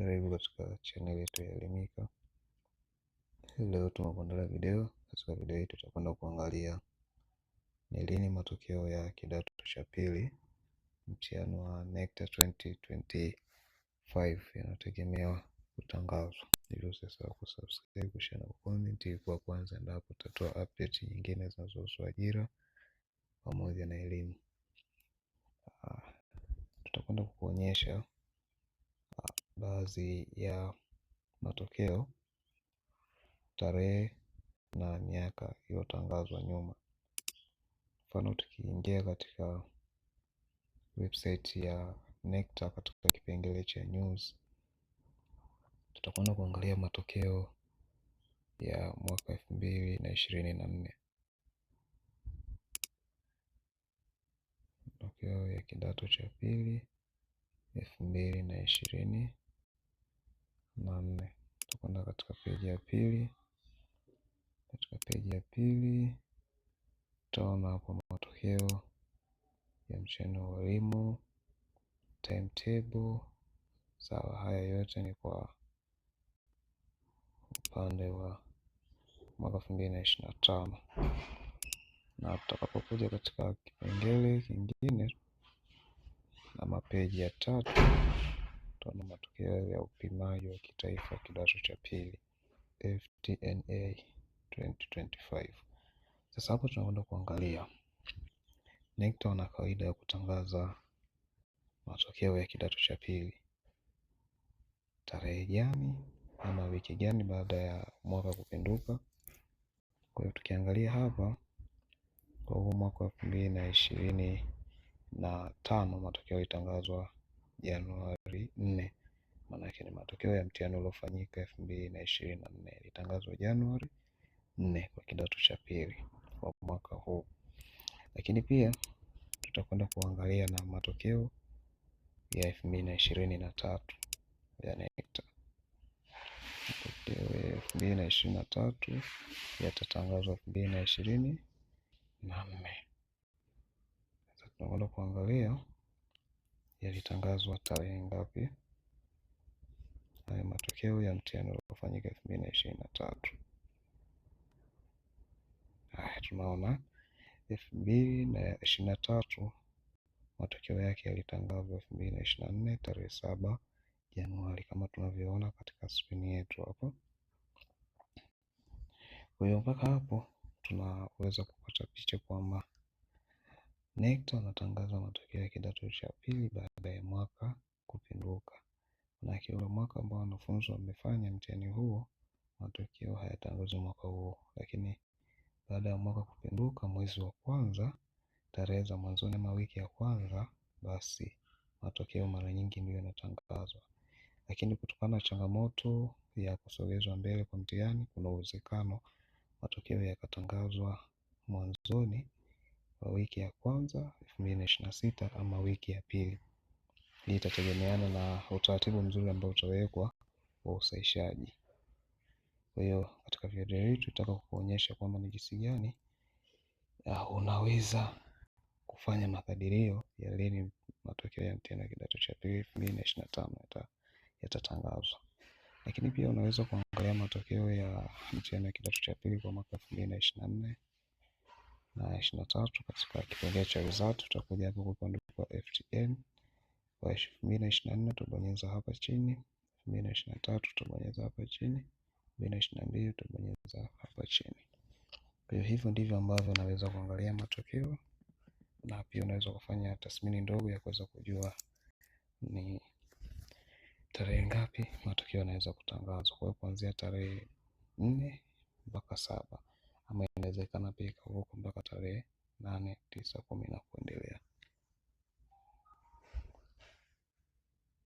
Karibu katika channel yetu ya Elimika. Leo tumekuandalia video. Katika video hii tutakwenda kuangalia ni lini matokeo ya kidato cha pili mtihani wa NECTA 2025 yanategemewa kutangazwa, hivyo usisahau kusubscribe, kushare na kucomment kwa kwanza, endapo tutatoa update nyingine zinazohusu ajira pamoja na elimu. Ah, tutakwenda kukuonyesha baadhi ya matokeo, tarehe na miaka iliyotangazwa nyuma. Mfano, tukiingia katika website ya NECTA katika kipengele cha news, tutakwenda kuangalia matokeo ya mwaka elfu mbili na ishirini na nne matokeo ya kidato cha pili elfu mbili na ishirini na nne. Tutakwenda katika peji ya pili. Katika peji ya pili tutaona hapo matokeo ya mchana wa elimu timetable. Sawa, haya yote ni kwa upande wa mwaka elfu mbili na ishirini na tano na tutakapokuja katika kipengele kingine na mapeji ya tatu tano matokeo ya upimaji wa kitaifa kidato cha pili FTNA 2025. Sasa hapo tunakwenda kuangalia NECTA wana kawaida ya kutangaza matokeo ya kidato cha pili tarehe gani ama wiki gani baada ya mwaka kupinduka. Kwa hiyo tukiangalia hapa kwa huu mwaka wa elfu mbili na ishirini na tano matokeo yalitangazwa Januari nne maanake ni matokeo ya mtihani uliofanyika elfu mbili na ishirini na nne ilitangazwa Januari nne kwa kidato cha pili kwa mwaka huu, lakini pia tutakwenda kuangalia na matokeo ya elfu mbili na ishirini na tatu ya NECTA. Matokeo ya elfu mbili na ishirini na tatu yatatangazwa elfu mbili na ishirini na nne. Sasa tunakwenda kuangalia yalitangazwa tarehe ngapi? matokeo ya mtihani uliofanyika elfu mbili na ishirini na tatu. Haya, tunaona elfu mbili na ishirini na tatu matokeo yake yalitangazwa elfu mbili na ishirini na nne tarehe saba Januari kama tunavyoona katika skrini yetu hapo. Kwa hiyo mpaka hapo tunaweza kupata picha kwamba NECTA anatangaza matokeo ya kidato cha pili baada ya mwaka kupinduka. Maanake ule mwaka ambao wanafunzi wamefanya mtihani huo, matokeo hayatangazwi mwaka huo, lakini baada ya mwaka kupinduka mwezi wa kwanza, tarehe za mwanzoni ama wiki ya kwanza, basi matokeo mara nyingi ndio yanatangazwa. Lakini kutokana na changamoto ya kusogezwa mbele kwa mtihani, kuna uwezekano matokeo yakatangazwa mwanzoni wa wiki ya kwanza elfu mbili na na sita ama wiki ya pili. Hii itategemeana na utaratibu mzuri ambao utawekwa wa usahishaji. Kwa hiyo katika video hii tutaka kukuonyesha kwamba ni jinsi gani unaweza kufanya makadirio ya lini matokeo ya mtihani wa kidato cha pili 2025 na na tano yatatangazwa lakini pia unaweza kuangalia matokeo ya mtihani wa kidato cha pili kwa mwaka 2024 na na nne na ishirini na tatu katika kipengele cha result utakuja hapa kwa upande wa FTM kwa elfu mbili na ishirini na nne utabonyeza hapa chini, elfu mbili na ishirini na tatu utabonyeza hapa chini, elfu mbili na ishirini na mbili hapa chini. Kwa hiyo hivyo ndivyo ambavyo unaweza kuangalia matokeo na pia unaweza kufanya tathmini ndogo ya kuweza kujua ni tarehe ngapi matokeo yanaweza kutangazwa, kwa hiyo kuanzia tarehe nne mpaka saba inawezekana pia ikavuka mpaka tarehe nane tisa kumi na kuendelea.